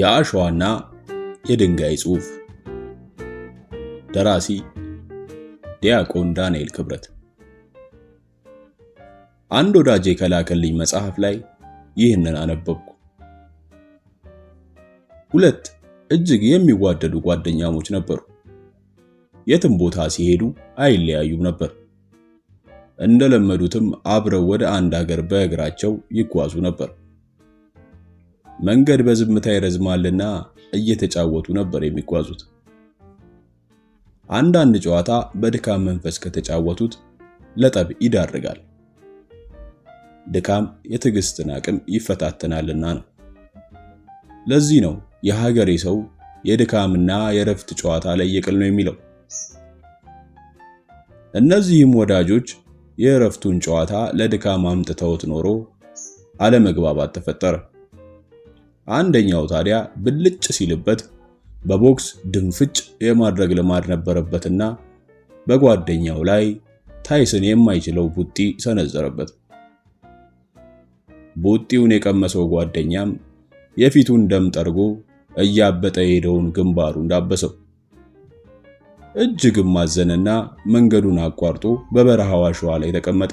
የአሸዋና የድንጋይ ጽሑፍ ደራሲ ዲያቆን ዳንኤል ክብረት። አንድ ወዳጄ ከላከልኝ መጽሐፍ ላይ ይህንን አነበብኩ። ሁለት እጅግ የሚዋደዱ ጓደኛሞች ነበሩ። የትም ቦታ ሲሄዱ አይለያዩም ነበር። እንደለመዱትም አብረው ወደ አንድ ሀገር በእግራቸው ይጓዙ ነበር። መንገድ በዝምታ ይረዝማልና እየተጫወቱ ነበር የሚጓዙት። አንዳንድ ጨዋታ በድካም መንፈስ ከተጫወቱት ለጠብ ይዳርጋል። ድካም የትዕግስትን አቅም ይፈታተናልና ነው። ለዚህ ነው የሀገሬ ሰው የድካምና የረፍት ጨዋታ ለየቅል ነው የሚለው። እነዚህም ወዳጆች የእረፍቱን ጨዋታ ለድካም አምጥተውት ኖሮ አለመግባባት ተፈጠረ። አንደኛው ታዲያ ብልጭ ሲልበት በቦክስ ድንፍጭ የማድረግ ልማድ ነበረበትና በጓደኛው ላይ ታይስን የማይችለው ቡጢ ሰነዘረበት። ቡጢውን የቀመሰው ጓደኛም የፊቱን ደም ጠርጎ እያበጠ የሄደውን ግንባሩ እንዳበሰው እጅግም ማዘነና መንገዱን አቋርጦ በበረሃዋ አሸዋ ላይ ተቀመጠ።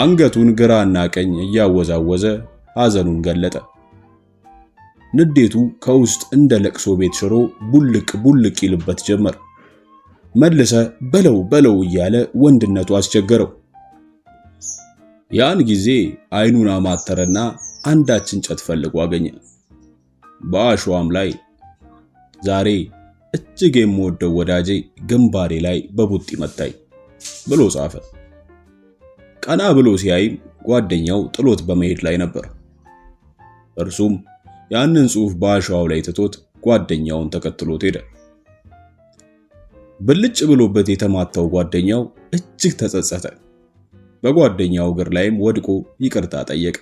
አንገቱን ግራና ቀኝ እያወዛወዘ ሐዘኑን ገለጠ። ንዴቱ ከውስጥ እንደ ለቅሶ ቤት ሽሮ ቡልቅ ቡልቅ ይልበት ጀመር። መልሰ በለው በለው እያለ ወንድነቱ አስቸገረው። ያን ጊዜ አይኑን አማተረና አንዳች እንጨት ፈልጎ አገኘ። በአሸዋም ላይ ዛሬ እጅግ የምወደው ወዳጄ ግንባሬ ላይ በቡጢ መታኝ ብሎ ጻፈ። ቀና ብሎ ሲያይም ጓደኛው ጥሎት በመሄድ ላይ ነበር። እርሱም ያንን ጽሑፍ በአሸዋው ላይ ትቶት ጓደኛውን ተከትሎት ሄደ። ብልጭ ብሎበት የተማታው ጓደኛው እጅግ ተጸጸተ። በጓደኛው እግር ላይም ወድቆ ይቅርታ ጠየቀ።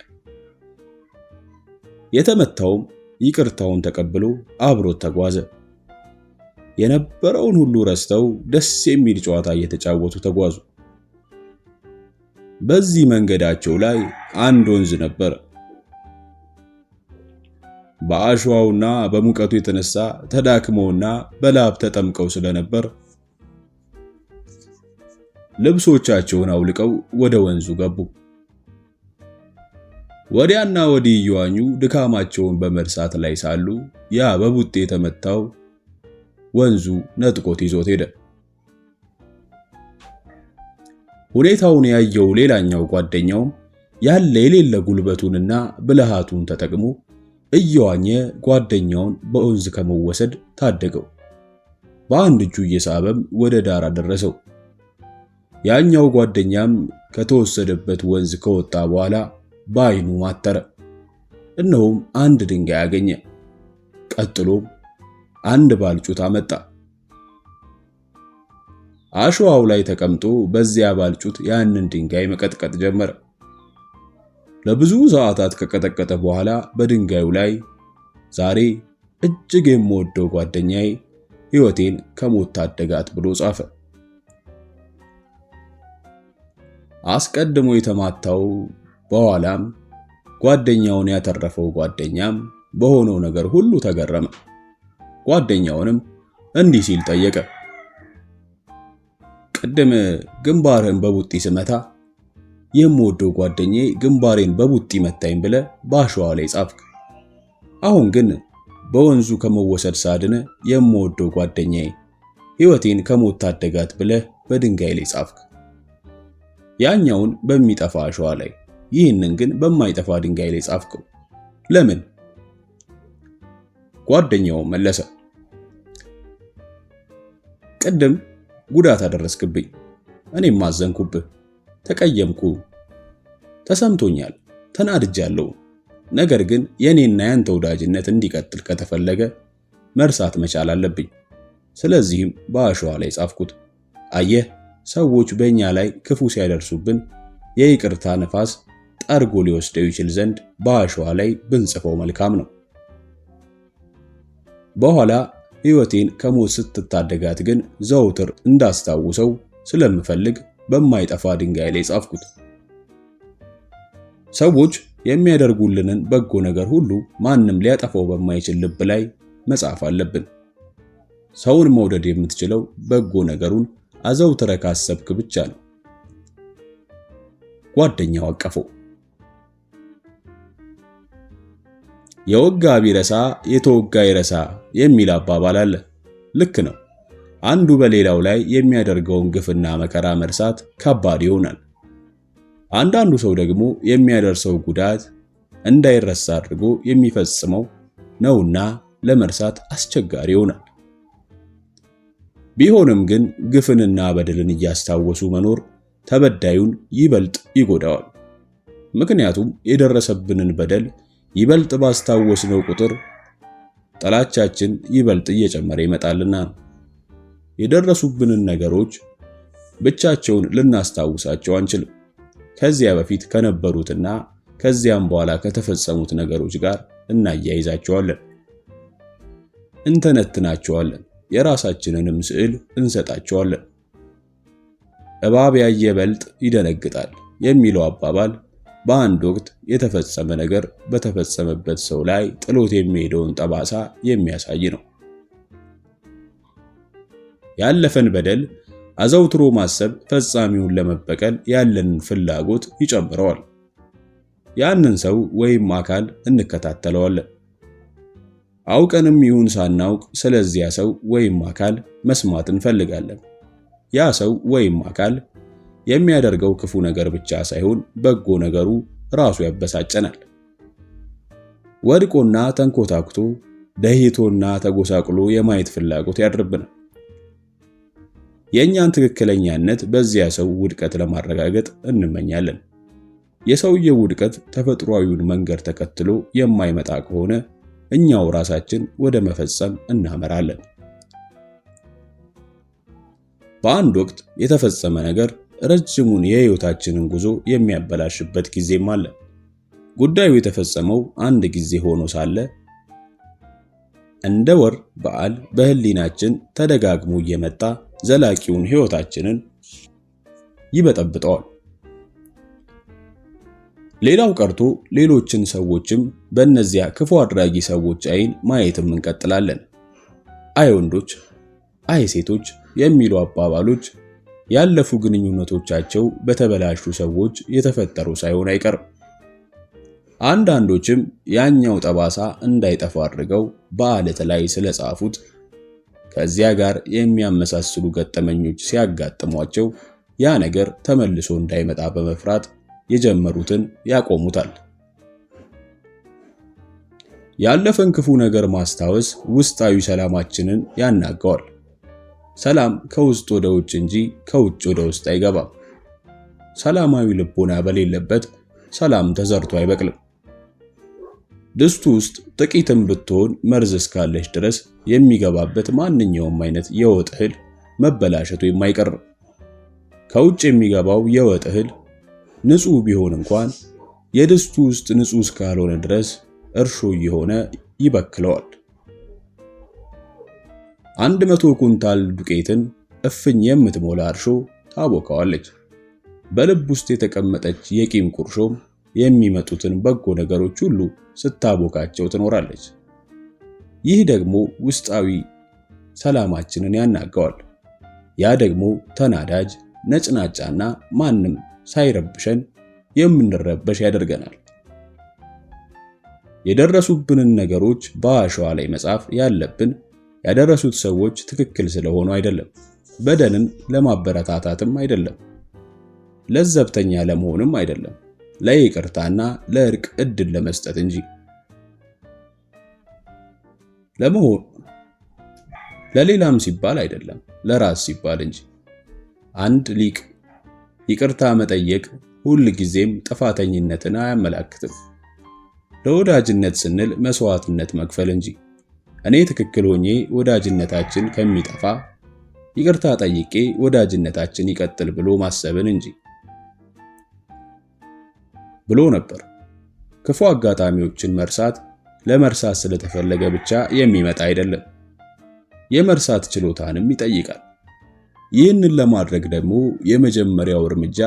የተመታውም ይቅርታውን ተቀብሎ አብሮት ተጓዘ። የነበረውን ሁሉ ረስተው ደስ የሚል ጨዋታ እየተጫወቱ ተጓዙ። በዚህ መንገዳቸው ላይ አንድ ወንዝ ነበር። በአሸዋውና በሙቀቱ የተነሳ ተዳክመውና በላብ ተጠምቀው ስለነበር ልብሶቻቸውን አውልቀው ወደ ወንዙ ገቡ። ወዲያና ወዲህ እየዋኙ ድካማቸውን በመርሳት ላይ ሳሉ ያ በቡጤ የተመታው ወንዙ ነጥቆት ይዞት ሄደ። ሁኔታውን ያየው ሌላኛው ጓደኛውም ያለ የሌለ ጉልበቱንና ብልሃቱን ተጠቅሞ እየዋኘ ጓደኛውን በወንዝ ከመወሰድ ታደገው። በአንድ እጁ እየሳበም ወደ ዳር አደረሰው። ያኛው ጓደኛም ከተወሰደበት ወንዝ ከወጣ በኋላ በአይኑ ማተረ። እነሆም አንድ ድንጋይ አገኘ። ቀጥሎም አንድ ባልጩት አመጣ። አሸዋው ላይ ተቀምጦ በዚያ ባልጩት ያንን ድንጋይ መቀጥቀጥ ጀመረ። ለብዙ ሰዓታት ከቀጠቀጠ በኋላ በድንጋዩ ላይ ዛሬ እጅግ የምወደው ጓደኛዬ ሕይወቴን ከሞት ታደጋት ብሎ ጻፈ። አስቀድሞ የተማታው በኋላም ጓደኛውን ያተረፈው ጓደኛም በሆነው ነገር ሁሉ ተገረመ። ጓደኛውንም እንዲህ ሲል ጠየቀ። ቅድም ግንባርህን በቡጢ ስመታ የምወደው ጓደኛዬ ግንባሬን በቡጢ መታኝ ብለ በአሸዋ ላይ ጻፍክ። አሁን ግን በወንዙ ከመወሰድ ሳድነ የምወደው ጓደኛዬ ሕይወቴን ከሞት ታደጋት ብለ በድንጋይ ላይ ጻፍክ። ያኛውን በሚጠፋ አሸዋ ላይ፣ ይህንን ግን በማይጠፋ ድንጋይ ላይ ጻፍከው። ለምን? ጓደኛው መለሰ፣ ቅድም ጉዳት አደረስክብኝ፣ እኔም አዘንኩብህ። ተቀየምኩ። ተሰምቶኛል፣ ተናድጃለሁ። ነገር ግን የኔና ያንተ ወዳጅነት እንዲቀጥል ከተፈለገ መርሳት መቻል አለብኝ። ስለዚህም በአሸዋ ላይ ጻፍኩት። አየህ፣ ሰዎች በእኛ ላይ ክፉ ሲያደርሱብን የይቅርታ ነፋስ ጠርጎ ሊወስደው ይችል ዘንድ በአሸዋ ላይ ብንጽፈው መልካም ነው። በኋላ ሕይወቴን ከሞት ስትታደጋት ግን ዘውትር እንዳስታውሰው ስለምፈልግ በማይጠፋ ድንጋይ ላይ ጻፍኩት። ሰዎች የሚያደርጉልንን በጎ ነገር ሁሉ ማንም ሊያጠፋው በማይችል ልብ ላይ መጻፍ አለብን። ሰውን መውደድ የምትችለው በጎ ነገሩን አዘውትረ ካሰብክ ብቻ ነው። ጓደኛው አቀፈው። የወጋ ቢረሳ የተወጋ ይረሳ የሚል አባባል አለ። ልክ ነው። አንዱ በሌላው ላይ የሚያደርገውን ግፍና መከራ መርሳት ከባድ ይሆናል። አንዳንዱ ሰው ደግሞ የሚያደርሰው ጉዳት እንዳይረሳ አድርጎ የሚፈጽመው ነውና ለመርሳት አስቸጋሪ ይሆናል። ቢሆንም ግን ግፍንና በደልን እያስታወሱ መኖር ተበዳዩን ይበልጥ ይጎዳዋል። ምክንያቱም የደረሰብንን በደል ይበልጥ ባስታወስነው ቁጥር ጥላቻችን ይበልጥ እየጨመረ ይመጣልና ነው። የደረሱብንን ነገሮች ብቻቸውን ልናስታውሳቸው አንችልም። ከዚያ በፊት ከነበሩትና ከዚያም በኋላ ከተፈጸሙት ነገሮች ጋር እናያይዛቸዋለን፣ እንተነትናቸዋለን፣ የራሳችንንም ስዕል እንሰጣቸዋለን። እባብ ያየ በልጥ ይደነግጣል የሚለው አባባል በአንድ ወቅት የተፈጸመ ነገር በተፈጸመበት ሰው ላይ ጥሎት የሚሄደውን ጠባሳ የሚያሳይ ነው። ያለፈን በደል አዘውትሮ ማሰብ ፈጻሚውን ለመበቀል ያለንን ፍላጎት ይጨምረዋል። ያንን ሰው ወይም አካል እንከታተለዋለን። አውቀንም ይሁን ሳናውቅ ስለዚያ ሰው ወይም አካል መስማት እንፈልጋለን። ያ ሰው ወይም አካል የሚያደርገው ክፉ ነገር ብቻ ሳይሆን በጎ ነገሩ ራሱ ያበሳጨናል። ወድቆና ተንኮታኩቶ ደህይቶና ተጎሳቅሎ የማየት ፍላጎት ያድርብናል። የእኛን ትክክለኛነት በዚያ ሰው ውድቀት ለማረጋገጥ እንመኛለን። የሰውየው ውድቀት ተፈጥሯዊውን መንገድ ተከትሎ የማይመጣ ከሆነ እኛው ራሳችን ወደ መፈጸም እናመራለን። በአንድ ወቅት የተፈጸመ ነገር ረጅሙን የሕይወታችንን ጉዞ የሚያበላሽበት ጊዜም አለ። ጉዳዩ የተፈጸመው አንድ ጊዜ ሆኖ ሳለ እንደ ወር በዓል በህሊናችን ተደጋግሞ እየመጣ ዘላቂውን ህይወታችንን ይበጠብጠዋል። ሌላው ቀርቶ ሌሎችን ሰዎችም በእነዚያ ክፉ አድራጊ ሰዎች አይን ማየትም እንቀጥላለን። አይ ወንዶች፣ አይ ሴቶች የሚሉ አባባሎች ያለፉ ግንኙነቶቻቸው በተበላሹ ሰዎች የተፈጠሩ ሳይሆን አይቀርም። አንዳንዶችም ያኛው ጠባሳ እንዳይጠፋ አድርገው በዓለት ላይ ስለጻፉት ከዚያ ጋር የሚያመሳስሉ ገጠመኞች ሲያጋጥሟቸው ያ ነገር ተመልሶ እንዳይመጣ በመፍራት የጀመሩትን ያቆሙታል። ያለፈን ክፉ ነገር ማስታወስ ውስጣዊ ሰላማችንን ያናጋዋል። ሰላም ከውስጥ ወደ ውጭ እንጂ ከውጭ ወደ ውስጥ አይገባም። ሰላማዊ ልቦና በሌለበት ሰላም ተዘርቶ አይበቅልም። ድስቱ ውስጥ ጥቂትም ብትሆን መርዝ እስካለች ድረስ የሚገባበት ማንኛውም አይነት የወጥ እህል መበላሸቱ የማይቀር ከውጭ የሚገባው የወጥ እህል ንጹህ ቢሆን እንኳን የድስቱ ውስጥ ንጹህ እስካልሆነ ድረስ እርሾ እየሆነ ይበክለዋል። አንድ መቶ ኩንታል ዱቄትን እፍኝ የምትሞላ እርሾ ታቦካዋለች። በልብ ውስጥ የተቀመጠች የቂም ቁርሾም የሚመጡትን በጎ ነገሮች ሁሉ ስታቦካቸው ትኖራለች። ይህ ደግሞ ውስጣዊ ሰላማችንን ያናጋዋል። ያ ደግሞ ተናዳጅ፣ ነጭናጫና ማንም ሳይረብሸን የምንረበሽ ያደርገናል። የደረሱብንን ነገሮች በአሸዋ ላይ መጻፍ ያለብን ያደረሱት ሰዎች ትክክል ስለሆኑ አይደለም፣ በደንን ለማበረታታትም አይደለም፣ ለዘብተኛ ለመሆንም አይደለም። ለይቅርታና ለእርቅ እድል ለመስጠት እንጂ። ለመሆኑ ለሌላም ሲባል አይደለም፣ ለራስ ሲባል እንጂ። አንድ ሊቅ ይቅርታ መጠየቅ ሁል ጊዜም ጥፋተኝነትን አያመላክትም። ለወዳጅነት ስንል መስዋዕትነት መክፈል እንጂ። እኔ ትክክል ሆኜ ወዳጅነታችን ከሚጠፋ ይቅርታ ጠይቄ ወዳጅነታችን ይቀጥል ብሎ ማሰብን እንጂ ብሎ ነበር። ክፉ አጋጣሚዎችን መርሳት ለመርሳት ስለተፈለገ ብቻ የሚመጣ አይደለም፣ የመርሳት ችሎታንም ይጠይቃል። ይህንን ለማድረግ ደግሞ የመጀመሪያው እርምጃ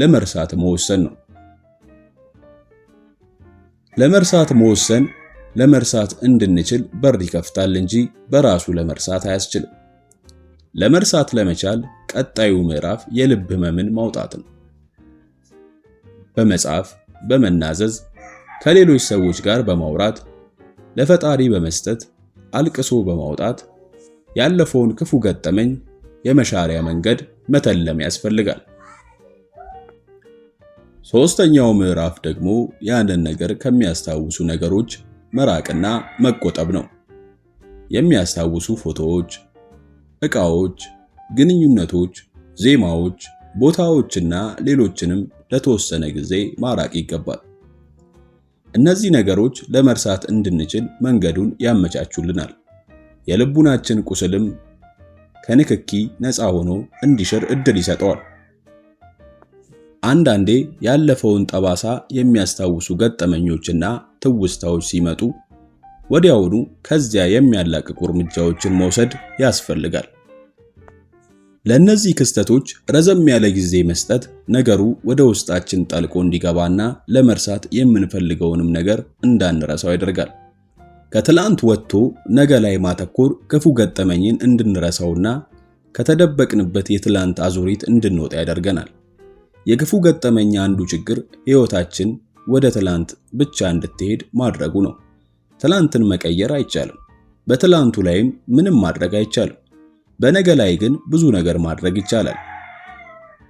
ለመርሳት መወሰን ነው። ለመርሳት መወሰን ለመርሳት እንድንችል በር ይከፍታል እንጂ በራሱ ለመርሳት አያስችልም። ለመርሳት ለመቻል ቀጣዩ ምዕራፍ የልብ ህመምን ማውጣት ነው። በመጻፍ በመናዘዝ ከሌሎች ሰዎች ጋር በማውራት ለፈጣሪ በመስጠት አልቅሶ በማውጣት ያለፈውን ክፉ ገጠመኝ የመሻሪያ መንገድ መተለም ያስፈልጋል። ሶስተኛው ምዕራፍ ደግሞ ያንን ነገር ከሚያስታውሱ ነገሮች መራቅና መቆጠብ ነው። የሚያስታውሱ ፎቶዎች፣ ዕቃዎች፣ ግንኙነቶች፣ ዜማዎች፣ ቦታዎችና ሌሎችንም ለተወሰነ ጊዜ ማራቅ ይገባል። እነዚህ ነገሮች ለመርሳት እንድንችል መንገዱን ያመቻቹልናል። የልቡናችን ቁስልም ከንክኪ ነፃ ሆኖ እንዲሽር እድል ይሰጠዋል። አንዳንዴ ያለፈውን ጠባሳ የሚያስታውሱ ገጠመኞችና ትውስታዎች ሲመጡ ወዲያውኑ ከዚያ የሚያላቅቁ እርምጃዎችን መውሰድ ያስፈልጋል። ለእነዚህ ክስተቶች ረዘም ያለ ጊዜ መስጠት ነገሩ ወደ ውስጣችን ጠልቆ እንዲገባና ለመርሳት የምንፈልገውንም ነገር እንዳንረሳው ያደርጋል። ከትላንት ወጥቶ ነገ ላይ ማተኮር ክፉ ገጠመኝን እንድንረሳውና ከተደበቅንበት የትላንት አዙሪት እንድንወጣ ያደርገናል። የክፉ ገጠመኝ አንዱ ችግር ሕይወታችን ወደ ትላንት ብቻ እንድትሄድ ማድረጉ ነው። ትላንትን መቀየር አይቻልም። በትላንቱ ላይም ምንም ማድረግ አይቻልም። በነገ ላይ ግን ብዙ ነገር ማድረግ ይቻላል።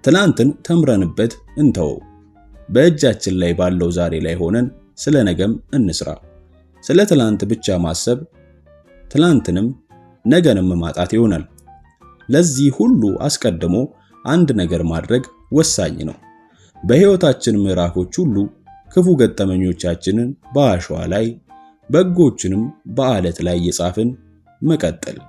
ትናንትን ተምረንበት እንተወው። በእጃችን ላይ ባለው ዛሬ ላይ ሆነን ስለ ነገም እንስራ። ስለ ትላንት ብቻ ማሰብ ትላንትንም ነገንም ማጣት ይሆናል። ለዚህ ሁሉ አስቀድሞ አንድ ነገር ማድረግ ወሳኝ ነው። በሕይወታችን ምዕራፎች ሁሉ ክፉ ገጠመኞቻችንን በአሸዋ ላይ በጎችንም በአለት ላይ የጻፍን መቀጠል